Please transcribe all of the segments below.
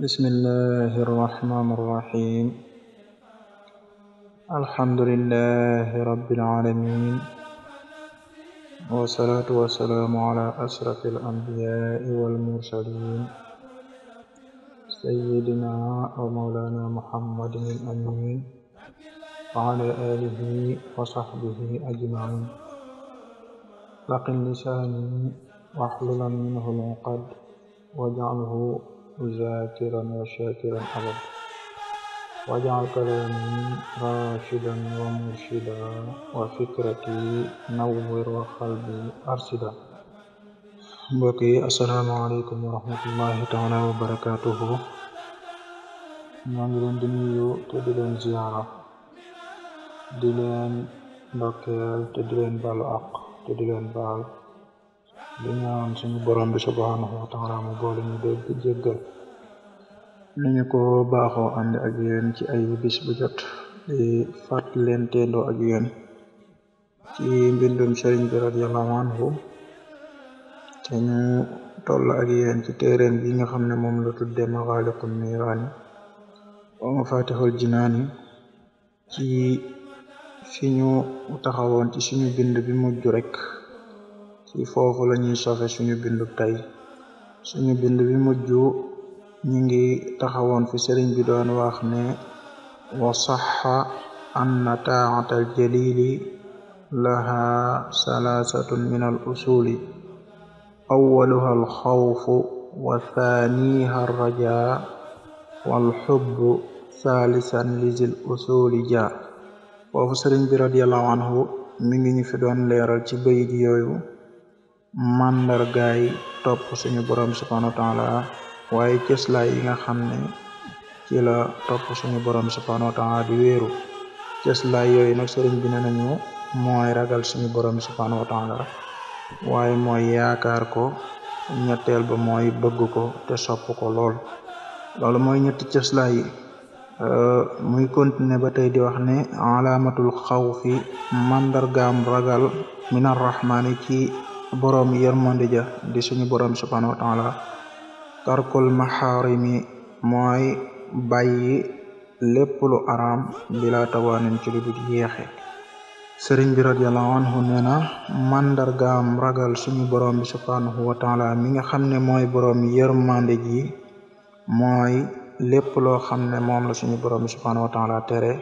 بسم الله الرحمن الرحيم الحمد لله رب العالمين والصلاة والسلام على أشرف الأنبياء والمرسلين سيدنا ومولانا محمد الأمين وعلى آله وصحبه أجمعين لقل لساني واحلل منه العقد واجعله ذاكرا وشاكرا أبدا واجعل كلامي راشدا ومرشدا وفكرتي نور وقلبي أرشدا mbokk yi asalaamaaleykum wa rahmatullahi taala wa barakaatuhu maa ngi leen di nuyu te di leen ziyaara di leen ndokkeel te di leen baalu àq te di leen baal di ñaan suñu borom bi subhanahu wa taala mu boole ñu ñu ko baaxoo ànd ak yéen ci ay bis bu jot di fàtt leen teendoo ak yéen ci mbindum sëriñ bi radiyallahu anhu te ñu toll ak yéen ci téereen bi nga xam ne moom la tudde maxaaliqul niiraani wa mafatihul jinaani ci fi ñu taxawoon ci suñu bind bi mujj rek ci foofu la ñuy sofe suñu bindu tey suñu bind bi mujj ñu ngi taxawoon fi sëriñ bi doon wax ne wa saxa anna taata al jalili laha salaasatun min al usuli awaluha al xawfu wa thaniha al raja wal xubbu thalisan lizil usuli ja foofu sëriñ bi radiallahu anhu mi ngi fi doon leeral ci bayit yooyu màndargaay topp suñu boroom subhanahu wa la waaye cëslaay yi nga xam ne ci la topp suñu boroom subhanahu wa taala di wéeru cëslaay yooyu nag sëriñ bi ne nañu mooy ragal suñu boroom subhanahu wa taala waaye mooy yaakaar ko ñetteel ba mooy bëgg ko te sopp ko lool loolu mooy ñetti cëslaay yi euh, muy continuer ba tey di wax ne alaamatul xawfi màndargaam ragal minar rahmaani ci boroom yërmande ja di suñu boroom subhanahu wa taala tarkul maxaarimi mooy bàyyi lépp lu araam bila tawaanin ci lu dul yeexe sëriñ bi radiallahu anhu nee na màndargaam ragal suñu boroom bi subhanahu wa taala mi nga xam ne mooy boroom yërmande ji mooy lépp loo xam ne moom la suñu boroom bi subhanahu wa taala tere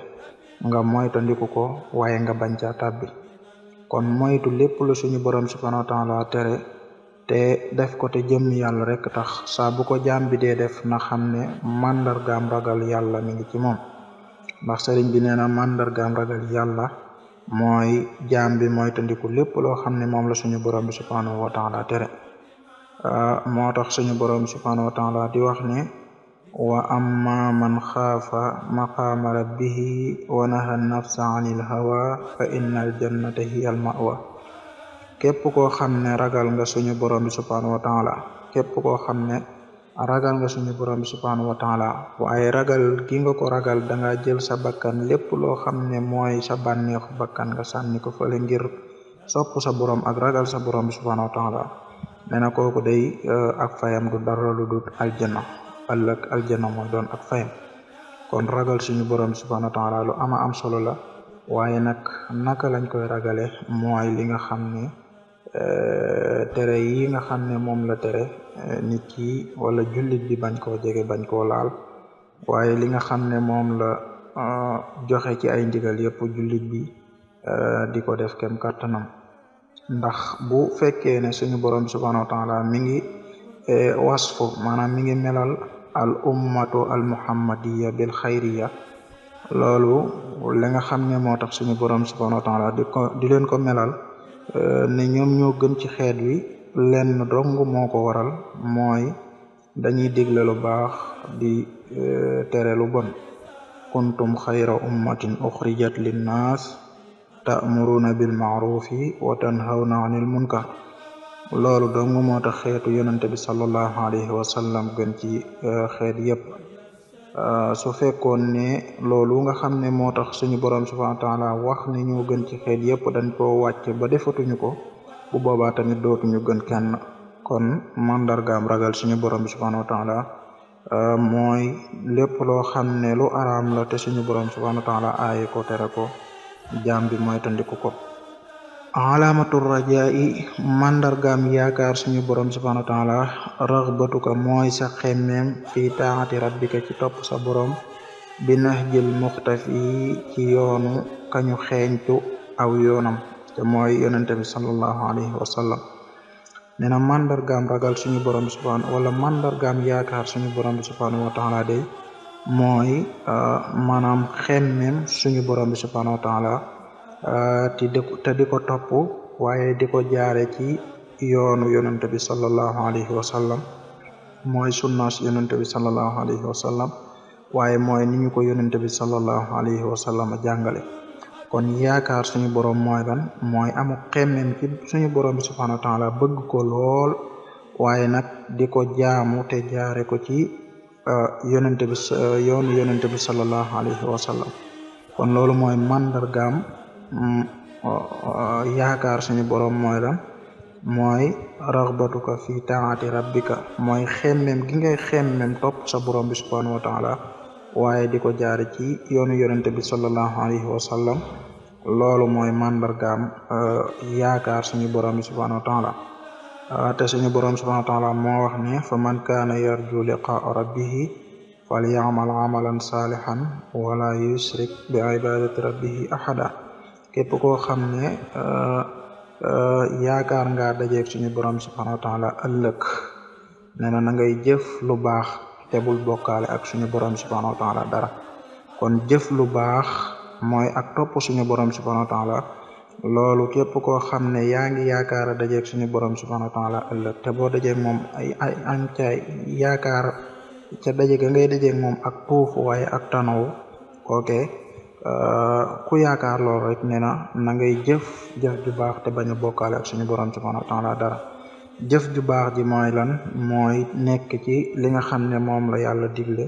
nga moytandiku ko waaye nga bañ caa tàbbi kon moytu lépp lu suñu borom subhanahu wa taala tere te def ko te jëm yàlla rek tax saa bu ko jaam bi dee def na xam ne màndargaam ragal yàlla mi ngi ci moom ndax sëriñ bi nee na màndargaam ragal yàlla mooy jaam bi mooy tandiku lépp loo xam ne moom la suñu borom bi subhanahu wa taala tere ah, moo tax suñu borom bi subhanahu wa taala di wax ne wa amma man xaafa maqaama rabbihi wa naha nafsa anil hawa fa innal jannata hiyal mawa képp koo xam ne ragal nga suñu borom bi subhanahu wa taala képp koo xam ne ragal nga suñu borom bi subhanahu wa taala waaye ragal gi nga ko ragal danga jël sa bakkan lépp loo xam ne mooy sa bànneexu bakkan nga sànni ko fële ngir sopp sa borom ak ragal sa borom bi subhanahu wa taala nee na kooku day euh, ak fayam du dara lu dul aljanna ëllëg aljana mooy doon ak fayam kon ragal suñu borom subhanahu wa taala lu ama am solo la waaye nag naka lañ koy ragale mooy li nga xam ne eh, tere yi nga xam ne moom la tere eh, nit ki wala jullit bi bañ koo jege bañ koo laal waaye li nga xam ne moom la eh, joxe ci ay ndigal yëpp jullit bi di ko def kem kàttanam ndax bu fekkee ne suñu boroom subhanahu wa taala mi ngi wasfu maanaam mi ngi melal al ummatu al muhammadiya bil xayriya loolu li nga xam ne moo tax suñu borom subhanahu wa di ko di leen ko melal euh, ne ñoom ñoo gën ci xeet wi lenn dong moo ko waral mooy dañuy digle lu baax di euh, tereelu lu bon kuntum xayra ummatin uxrijat linnaas ta'muruna bil ma'rufi wa tanhawna munkar loolu dong moo tax xeetu yonante bi sallallahu alayhi wa sallam gën ci euh, xeet yépp euh, so fekkoon ne loolu nga xam ne moo tax suñu borom subhanahu wa taala wax ne ñoo gën ci xeet yépp dañ koo wàcc ba defatuñu ko bu boobaa tamit dootuñu gën kenn kon mandargaam ragal suñu borom bi subhanahu wa taala euh, mooy lépp loo xam ne lu araam la te suñu borom subhanahu wa taala aaye ko tere ko jaam bi mooy tandiku ko alaamatu rajaa'i màndargaam yaakaar suñu borom subhanahu wa taala raxbatuka mooy sa xemmeem fi taati rabbika ci topp sa borom bi nax jël muxtafi ci yoonu kañu xeeñtu aw yoonam te mooy yonente bi sallallahu alayhi wa sallam nee na màndargaam ragal suñu borom bi subhanahu wala màndargaam yaakaar suñu borom bi subhanahu wa taala day mooy ah, maanaam xemmeem suñu borom bi subhanahu wa taala Ah, te di te topp waaye di ko jaare ci yoonu yonente bi sallallahu alayhi wa sallam mooy sunnaas yonente bi sallallahu alayhi wa sallam waaye mooy ni ñu ko yonente bi sallallahu alayhi wa sallam jàngale kon yaakaar suñu borom mooy lan mooy amu xemmem ci suñu borom bi subhanahu wa taala bëgg ko lool waaye nag di ko jaamu te jaare ko ci ah, yonente bi yoonu yonente bi sallallahu alayhi wa kon loolu mooy mandargaam Mm, yaakaar suñu borom mooy lan mooy raxbatuka fi taati rabbika mooy xemmem gi ngay xemmem topp sa borom bi subhanahu wa taala waaye di ko jaare ci yoonu yonente bi sallallahu alayhi wa sallam loolu mooy màndargaam uh, yaakaar suñu borom bi subhanahu wa taala uh, te suñu borom bi subhanahu wa taala moo wax ne fa man kaana yarju liqaa rabbihi fal yaamal amalan saalihan wala yusrik bi ibadati rabbihi ahada képp koo xam ne euh, euh, yaakaar ngaa dajeeg suñu borom subhanahu wa la ëllëg nee na na ngay jëf lu baax te bul bokkaale ak suñu borom subhanahu wa la dara kon jëf lu baax mooy ak topp suñu borom subhanahu wa taala loolu képp koo xam ne yaa ngi yaakaar dajeeg suñu borom subhanahu wa taala ëllëg te boo dajeeg moom ay ay am ca yaakaar ca daje ga ngay dajeeg moom ak tuuf waaye ak tanaw kooke Euh, ku yaakaar loolu rek nee na na ngay jëf jëf ju baax te bañ a bokkaale ak suñu borom subhanahu wa taala dara jëf ju baax ji mooy lan mooy nekk ci li nga xam ne moom la diglé digle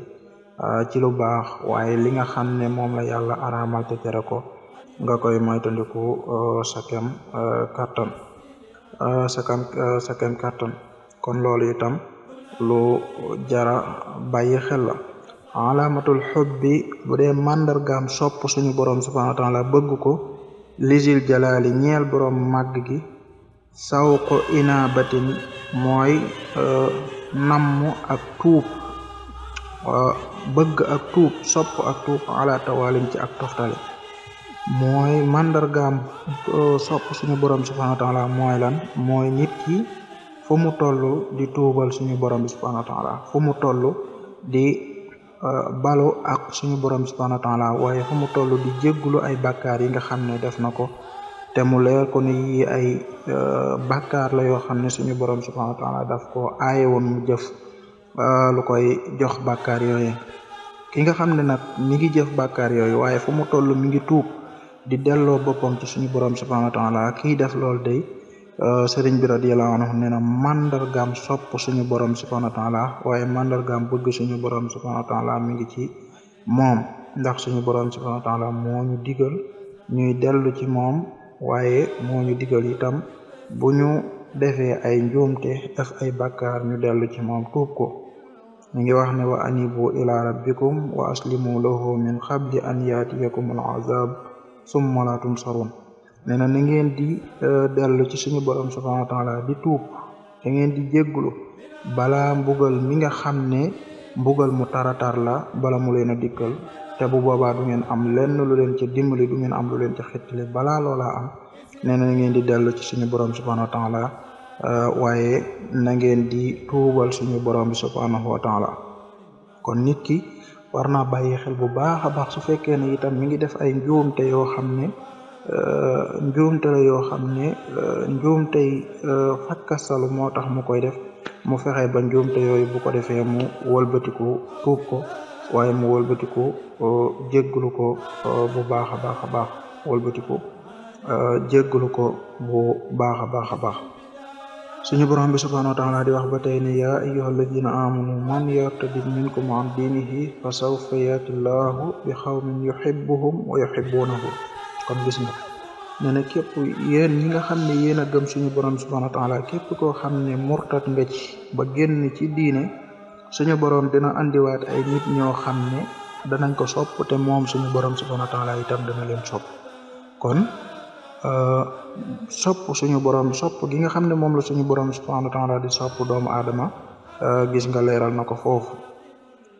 euh, ci lu baax waaye li nga xam ne moom la yàlla araamal te tere ko nga koy moytandiku euh, sa kem kattan sa kem sa kon loolu itam lu jara bàyyi xel la alaamatul xubbi bu dee màndargaam sopp suñu borom subhanahu wa taala bëgg ko lisil jalaali ñeel borom màgg gi saw ko inaabatin mooy euh, namm ak tuub euh, bëgg ak tuub sopp ak tuub ala tawalin ci ak toftale mooy màndargaam euh, sopp suñu borom subhanahu wa taala mooy lan mooy nit ki fu mu toll di tuubal suñu borom bi subhanahu wa taala fu mu di Euh, baloo ak suñu borom subhanahu wa taala waaye fu mu toll di jégglu ay bàkkaar yi nga xam ne def na ko te mu leer ko ni yi ay euh, bakar la yoo xam ne suñu borom subhanahu wa taala daf ko aaye woon mu jëf euh, lu koy jox bàkkaar yooyu ki nga xam ne nag mi ngi jëf bakar yooyu waaye fu mu toll mi ngi tuub di delloo boppam ci suñu borom subhanahu wa taala kii def loolu day Euh, sëriñ bi radiyallahu anhu nee na mandargaam sopp suñu borom subhanahu wa taala waaye mandargaam bëgg suñu borom subhanahu wa taala ngi ci moom ndax suñu borom subhanahu wa moo ñu digal ñuy dellu ci moom waaye moo ñu digal itam bu ñu defee ay njuumte ak ay bakkaar ñu dellu ci moom tuub ko mi ngi wax ne wa anibu ila rabbikum wa aslimu lahu min qabli an al azab summa la nee na na ngeen di euh, dellu ci suñu borom subhanahu wa taala di tuub da ngeen di jégglu balaa mbugal mi nga xam ne mbugal mu taratar la bala mu leen a dikkal te bu boobaa du ngeen am lenn lu leen ci dimbali du ngeen am lu leen ci xettali balaa loolaa am nee na ngeen di dellu ci suñu borom subhanahu wa taala euh, waaye na ngeen di tuubal suñu borom bi subhanahu wa kon nit ki war naa bàyyi xel bu baax a baax su fekkee ne itam mi ngi def ay njuumte yoo xam ne Euh, njuumte la yoo xam ne euh, njuumtey euh, fakkastalu moo tax mu koy def mu fexe ba njuumte yooyu bu ko defee mu walbatiku tuub ko waaye mu walbatiku jégglu ko bu baax a baax a baax wëlbatiku jégglu ko bu baax a baax a baax suñu borom bi subhanahu wa taala di wax ba tey ne yaa ayyuha alladina amanu man yartadid minkum an diinihi fa sawfa yati llahu bi xawmin yuhibbuhum wa yuhibbunahu kon gis nga na képp yéen ñi nga xam ne yéen a gëm suñu borom subhanahu wa taala képp koo xam ne murtat nga ba génn ci diine suñu borom dina andiwaat ay ñoo xam ne danañ ko sopp moom suñu borom subhanahu wa taala itam dana leen sopp kon euh, sopp suñu borom sopp gi nga xam ne moom la suñu borom subhanahu wa taala di sopp doomu aadama euh, gis nga leeral na ko foofu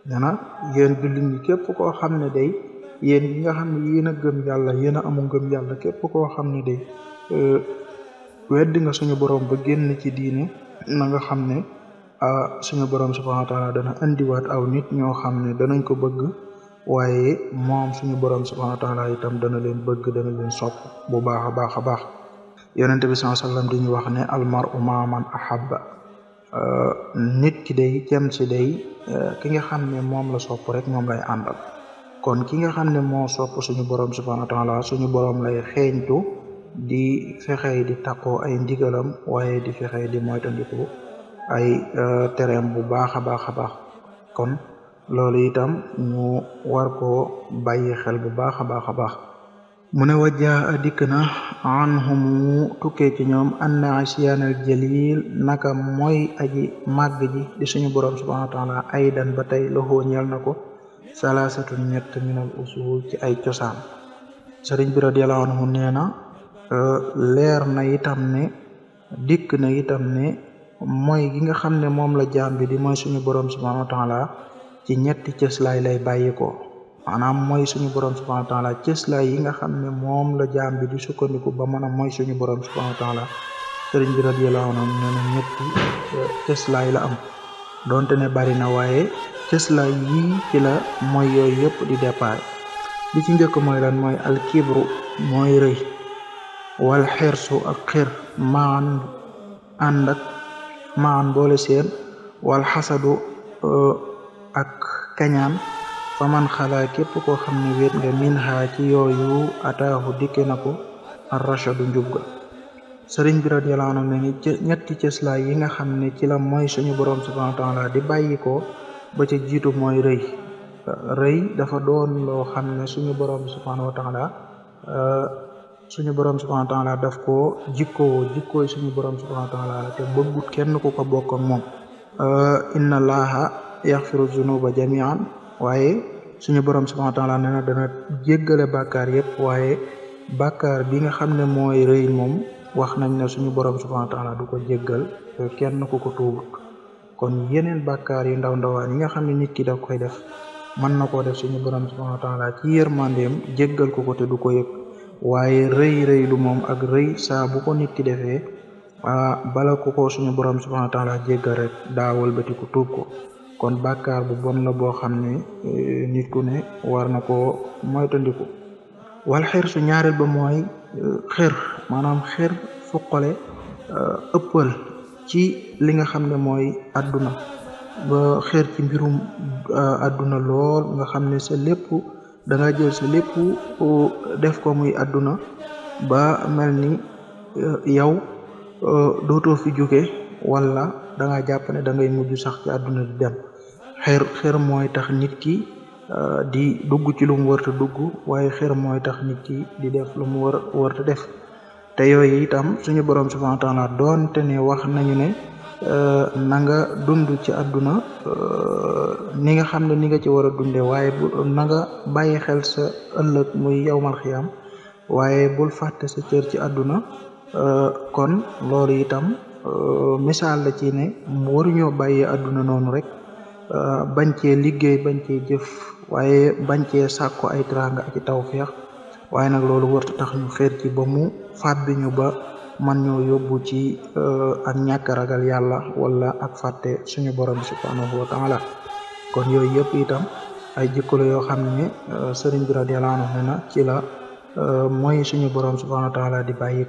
nee na yéen jullit ñi képp koo xam ne day yéen ñi nga xam ne yéen a gëm yàlla yéen a amu yàlla képp koo xam ne de euh, weddi nga suñu boroom ba génn ci diine na nga xam ne suñu borom subhanahu wa taala dana andiwaat aw nit ñoo xam ne danañ ko bëgg waaye moom suñu borom subhanahu wa taala itam dana leen bëgg dana leen sopp bu baax a baax a baax yonente bi sallallahu alayhi wasallam di ñu wax ne almar u maaman ahabba euh, nit ki day cem si day euh, ki nga xam ne moom la sopp rek moom lay àndal kon ki nga xam ne moo sopp suñu borom subhanahu wa suñu borom lay tu di fexey di takkoo ay ndigalam waaye di fexey di moytandiku ay euh, tereem bu baax a baax a baax kon loolu itam ñu war koo bàyyi xel bu baax a baax a baax mu ne wajjaa dikk na anhum tukkee ci ñoom anna asiyaanal jalil naka mooy aji màgg ji suñu borom subhanahu wa ay dan ba tey loxoo na ko salaasatu ñett minal ci ay cosaan sëriñ bi radiyallahu nee na euh, leer na itam ne dikk na itam ne moy gi nga xam ne moom la jaam bi di mooy suñu borom subhanahu wa taala ci ñetti cëslaay lay bàyyi ko maanaam mooy suñu borom subhanahu wa taala cëslaay yi nga xam ne moom la jaam bi du sukkandiku ba mën a mooy suñu borom subhanahu wa taala sëriñ bi radiyallahu anhu euh, la am donte ne bari na waaye cëslaay yii ci la mooy yooyu yëpp di départ bi ci njëkk mooy lan mooy alkibru mooy rëy wal xirsu ak xir maan ànd ak boole seen wal xasadu euh, ak kañaan fa man képp koo xam ne wéet nga min xaa ci yooyu ataahu dikke na ko ar du njub ga sëriñ bi radiyallahu anhu ñetti cëslaay yi nga xam ne ci la mooy suñu borom subhanahu wa taala di bàyyi ko ba ca jiitu mooy rëy rëy dafa doon loo xam ne suñu borom subhanahu wa taala suñu borom subhanahu wa taala daf koo jikko jikkooy suñu borom subhanahu wa te bëggut kenn ku ko bokk moom moom inna allaha yaxfiru zunuba jamian waaye suñu borom subhanahu wa taala nee na dana jéggale bàkkaar yépp waaye bàkkaar bi nga xam ne mooy rëy moom wax nañ ne suñu borom subhanahu wa taala du ko jéggal kenn ku ko tuubut kon yeneen bàkkaar yu ndaw ndawaan yi nga xam ne nit ki da koy def mën na koo def suñu borom subhanahu wa taala ci yërmandeem jéggal ko ko te du ko yëg waaye rëy rëy lu moom ak rëy saa bu ko nit ki defee bala ko ko suñu borom subhanahu wa taala jéggal rek daawal bati ku tuub ko kon bàkkaar bu bon la boo xam ne e, nit ku ne war na koo moytandiku wal xir su ñaareel ba mooy e, xir maanaam xir fuqale e, ëppal ci li nga xam ne mooy àdduna ba xeer ci mbirum euh, àdduna lool nga xam ne sa lépp da nga jël sa lépp euh, def ko muy àdduna ba mel ni euh, yow dootoo fi jóge wala da nga jàpp ne da ngay mujj sax ci àdduna di dem xeer mooy tax nit ki di dugg ci lum mu warta dugg waaye xeer mooy tax nit ki di def lu mu war warta def te yooyu itam suñu borom subhanahu wa taala doonte ne wax nañu ne euh, na nga dund ci àdduna euh, ni nga xam ne ni nga ci war a dunde waaye bu na bàyyi xel sa ëllëg muy yawmal xiyaam waaye bul fàtte sa cër ci àdduna euh, kon loolu itam misaal la ci ne waruñoo bàyyi àdduna noonu rek bañ cee liggéey bañ cee jëf waaye bañ cee sàkku ay teraanga ak i tawféex waaye nag loolu warta tax ñu xeer ci ba mu fàbbi ba man ñoo yóbbu ci euh, ak ñàkk ragal yàlla wala ak fàtte suñu borom bi subhanahu wa taala kon yooyu yëpp itam ay jikko la yoo xam ne euh, sëriñ bi radiyallahu anhu na ci la euh, mooy suñu borom subhanahu wa taala di bàyyi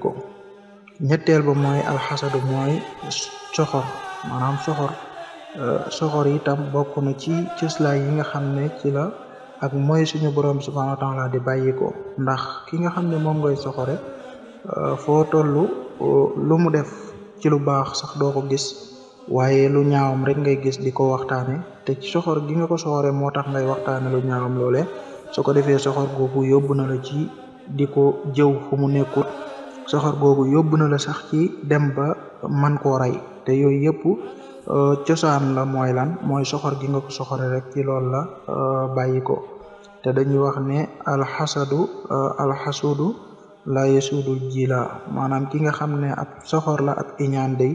ñetteel ba mooy alxasadu mooy soxor maanaam soxor soxor itam bokk na ci cëslaay yi nga xam ne ci la ak mooy suñu borom subhanahu wa di bàyyi ndax ki nga xam ne moom ngay soxore Euh, foo tollu euh, lu mu def ci lu baax sax doo ko gis waaye lu ñaawam rek ngay gis di ko waxtaane te ci soxor gi nga ko soxore moo tax ngay waxtaane lu ñaawam loole su ko defee soxor googu yóbbu na la ci di ko jëw fu mu nekkut soxor googu yóbbu na sax ci dem ba man koo rey te yooyu yëpp euh, cosaan la mooy lan mooy soxor gi nga ko soxore rek ci loolu la bàyyi ko te dañuy wax ne alxasadu alxasudu la yasudul jila maanaam ki nga xam ne ab soxor la ak iñaan day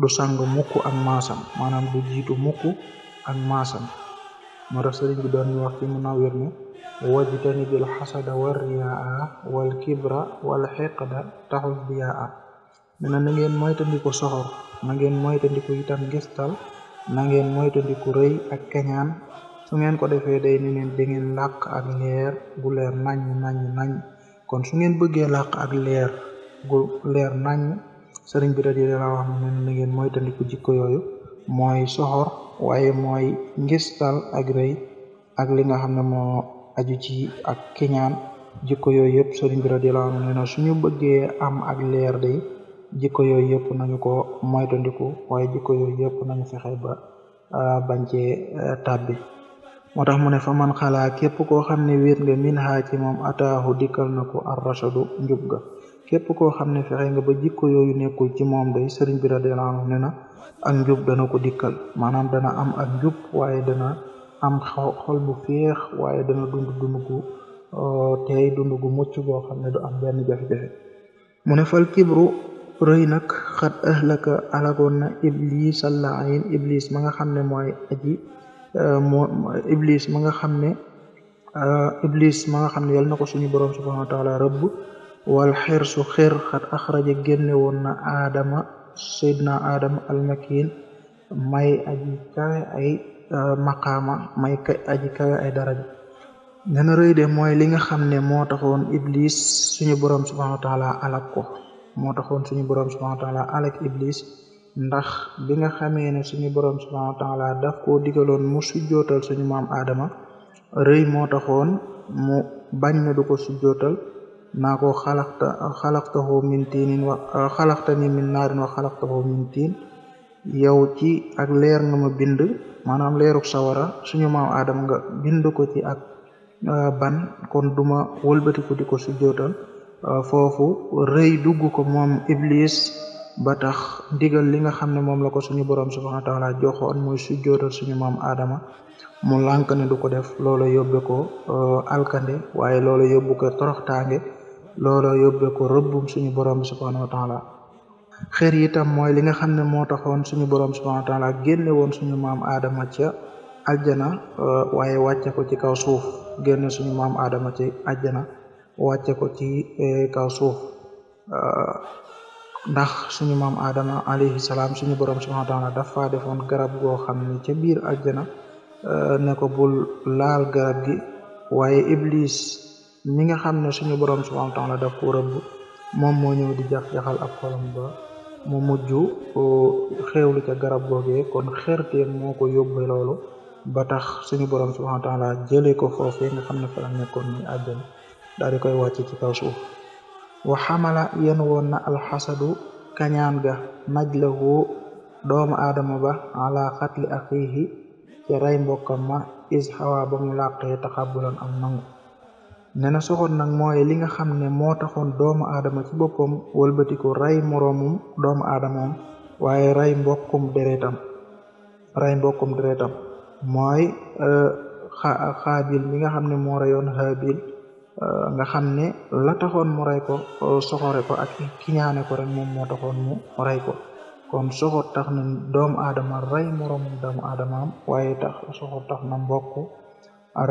du sang mukk ak maasam maanaam bu jiitu mukk ak maasam moo tax sëriñ bi doon ñu wax ci Munawwir ne wajtanibil xasada war riyaa wal kibra wal xiqda taxul biyaa ne na na ngeen moytandiku soxor na ngeen moytandiku itam gistal na ngeen moytandiku rëy ak keñaan su ngeen ko defee day ne neen di ngeen làq leer gu leer nañ naññ naññ kon su ngeen bëggee làq ak leer gu leer nañ sëriñ bi radi la wax ne na ngeen mooy tandiku jikko yooyu mooy soxor waaye mooy ngistal ak rëy ak li nga xam ne moo aju ci ak kiñaan jikko yooyu yëpp sëriñ bi radi la wax ne na suñu bëggee am ak leer day jikko yooyu yëpp nañu ko moytandiku waaye jikko yooyu yëpp nañu fexe ba ah, bañ cee eh, tàbbi moo tax mu ne fa man xalaa képp koo xam ne wéet nga min haa ci moom ataahu dikkal na ko arrachadu njub ga képp koo xam ne fexe nga ba jikko yooyu nekkul ci moom day sëriñ bira radiyallaahu anhu ne na ak njub dana ko dikkal maanaam dana am ak njub waaye dana am xol bu féex waaye dana dund dund gu euh, tey dund gu mucc boo xam ne du am benn jafe-jafe mu ne fal kibru rëy nag xat ahlaka alagoon na iblis allahin iblis ma nga xam ne mooy aji Euh, moo iblis ma nga xam ne euh, iblis ma nga xam ne yal na ko suñu borom subhanahu wa taala wal xirsu xir xat axraja génne woon na aadama seydna aadama almakin may aji ay maqaama may aji kawe ay euh, daraja de mooy li nga xam ne moo taxoon iblis suñu borom subhanahu wa taala ko moo taxoon suñu borom subhanahu alak iblis ndax bi nga xamee ne suñu borom subhanahu wa la daf koo digaloon mu sujjootal suñu maam aadama rëy moo taxoon mu bañ na du ko sujjootal naa ko xalaqta xalaqtahu min tiinin wa xalaqtani min naarin wa xalaqtahu min tiin yow ci ak leer nga ma bind maanaam leeruk sawara suñu maam aadama nga bind ko ci ak euh, ban kon duma wëlbatiku di ko sujjootal euh, foofu rëy dugg ko moom iblis ba tax ndigal li nga xam ne moom la ko suñu borom subhanahu wa taala joxoon muy sujjootal suñu maam Adama mu lànk ne du ko def loolo yóbbe ko euh, alkande waaye loola yóbbu ko toroxtaange loolo yóbbe ko rëbbum suñu borom subhanahu wa taala xër itam mooy li nga xam ne moo taxoon suñu borom subhanahu wa taala génne woon suñu maam Adama ca ajjana euh, waaye wàcce ko ci kaw suuf génne suñu maam Adama ci ajjana wàcce ko ci euh, kaw suuf ndax suñu maam aadama alayhi salaam suñu borom subhanahu wa daf dafa defoon garab goo xam ne ca biir aljana euh, ne ko bul laal garab gi waaye iblis mi nga xam ne suñu borom subhanahu wa taala daf ko rëbb moom moo ñëw di jax-jaxal ab xolam ba mu mujj xéewlu ca garab googee kon xeer xerteem moo ko yóbbe loolu ba tax suñu borom subhanahu wa taala jëlee ko foofee nga xam ne fa la nekkoon muy daal di koy wàcc ci kaw suuf wa xamala yen woon na alxasadu kañaan ga najlahu doomu aadama ba ala xatli axiihi ci rey mbokkam ma is xawaa ba mu làqee taxabulan am nangu ne na soxoon nag mooy li nga xam ne moo taxoon doomu aadama ci boppam wëlbatiku ray moroomum doomu aadamaam waaye ray mbokkum deretam rey mbokkum deretam mooy euh, mi nga xam ne moo reyoon Euh, nga xam ne la taxoon mu rey ko euh, soxore ko ak ki ko rek moom moo taxoon mu rey ko kon soxor tax na doomu aadama rey moroomum doomu aadamaam waaye tax soxor tax na mbokk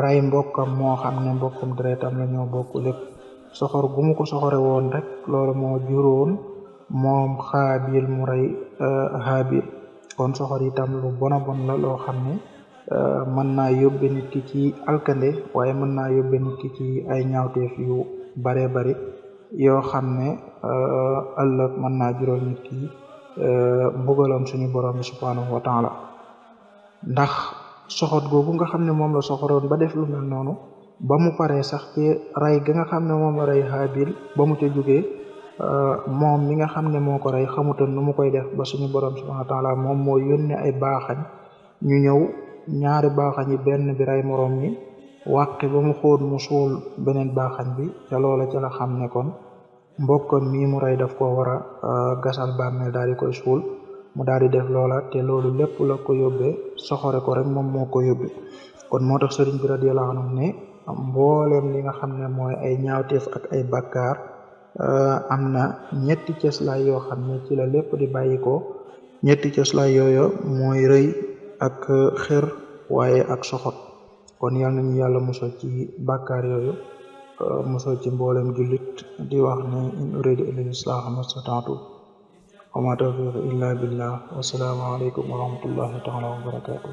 rey mbokkam moo xam ne mbokkum deretam la ñoo bokk lépp soxor gu mu ko soxore woon rek loolu moo juróon moom xaabil mu rey haabil euh, kon soxor itam lu bona bon la loo xam ne Euh, mën naa yóbbe nit ki ci alkande waaye mën naa yóbbe nit ki ci ay ñaawteef yu bare bari yoo xam ne euh, ëllëg mën naa jural nit ki euh, mbugalam suñu borom bi subhanahu wa taala ndax soxot googu nga xam ne moom la soxoroon ba def lu mel noonu ba mu paree sax te rey ga nga xam ne moom la rey Haabil ba mu ca jóge moom mi nga xam ne moo ko rey xamutoon nu mu koy def ba suñu borom subhanahu wa moom moo yónnee ay baaxañ ñu ñëw ñaari baaxañ yi benn bi ray moroom mi wàqi ba mu xóot mu suul beneen baaxañ bi ca loola ca la xam ne kon mbokkam mii mu rey daf ko war a euh, gasal bàmmeel daal di koy suul mu daal di def loola te loolu lépp la ko yóbbe soxore ko rek moom moo ko yóbbee kon moo tax sëriñ bi radiyallahu anhu ne mbooleem li nga xam ne mooy ay ñaawteef ak ay bakkaar euh, am na ñetti cëslaay yoo xam ne ci la lépp di bàyyi ko ñetti cëslaay yooyu mooy rëy ak xër waaye ak soxot kon yal nañu yàlla musal ci bàkkaar yooyu euh, musal ci mboolem jullit di wax ne in uridu illa al-islaha mastata'tu wa ma billah wa alaykum wa rahmatullahi taala wa barakatuh